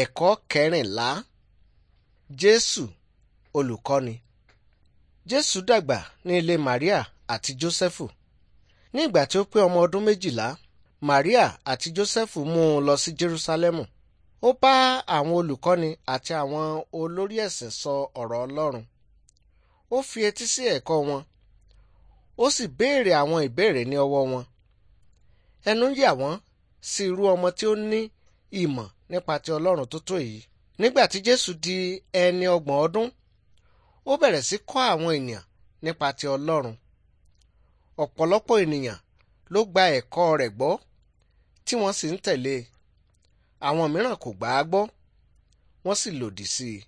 Ẹ̀kọ́ kẹrìnlá Jésù Olùkọ́ni Jésù dàgbà ní ilé Màríà àti Jósẹ́fù. Ní ìgbà tí ó pé ọmọ ọdún méjìlá, Màríà àti Jósẹ́fù mú un lọ sí Jerúsálẹ́mù. Ó bá àwọn olùkọ́ni àti àwọn olórí ẹ̀sìn sọ ọ̀rọ̀ Ọlọ́run. Ó fi etí sí ẹ̀kọ́ wọn. Ó sì béèrè àwọn ìbéèrè ní ọwọ́ wọn. Ẹnu yà wọ́n sí irú ọmọ tí ó ní ìmọ̀ nípa ti ọlọ́run tó tó èyí. nígbà tí jésù di ẹni ọgbọ̀n ọdún ó bẹ̀rẹ̀ sí kọ́ àwọn ènìyàn nípa ti ọlọ́run. ọ̀pọ̀lọpọ̀ ènìyàn ló gba ẹ̀kọ́ rẹ̀ gbọ́ tí wọ́n sì ń tẹ̀lé e. àwọn mìíràn kò gbà á gbọ́ wọ́n sì lòdì sí i.